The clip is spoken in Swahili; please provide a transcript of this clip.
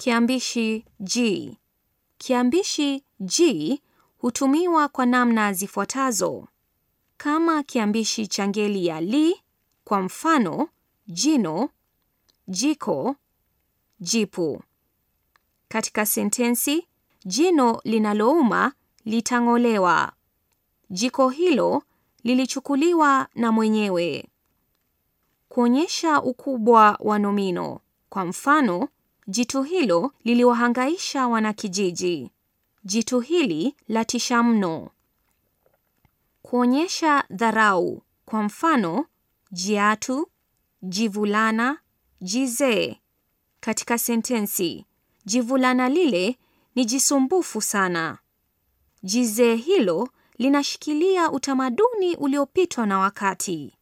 Kiambishi j Kiambishi j hutumiwa kwa namna zifuatazo: kama kiambishi cha ngeli ya li, kwa mfano jino, jiko, jipu. Katika sentensi, jino linalouma litang'olewa. Jiko hilo lilichukuliwa na mwenyewe. Kuonyesha ukubwa wa nomino, kwa mfano Jitu hilo liliwahangaisha wanakijiji. Jitu hili latisha mno. Kuonyesha dharau, kwa mfano jiatu, jivulana, jizee. Katika sentensi, jivulana lile ni jisumbufu sana. Jizee hilo linashikilia utamaduni uliopitwa na wakati.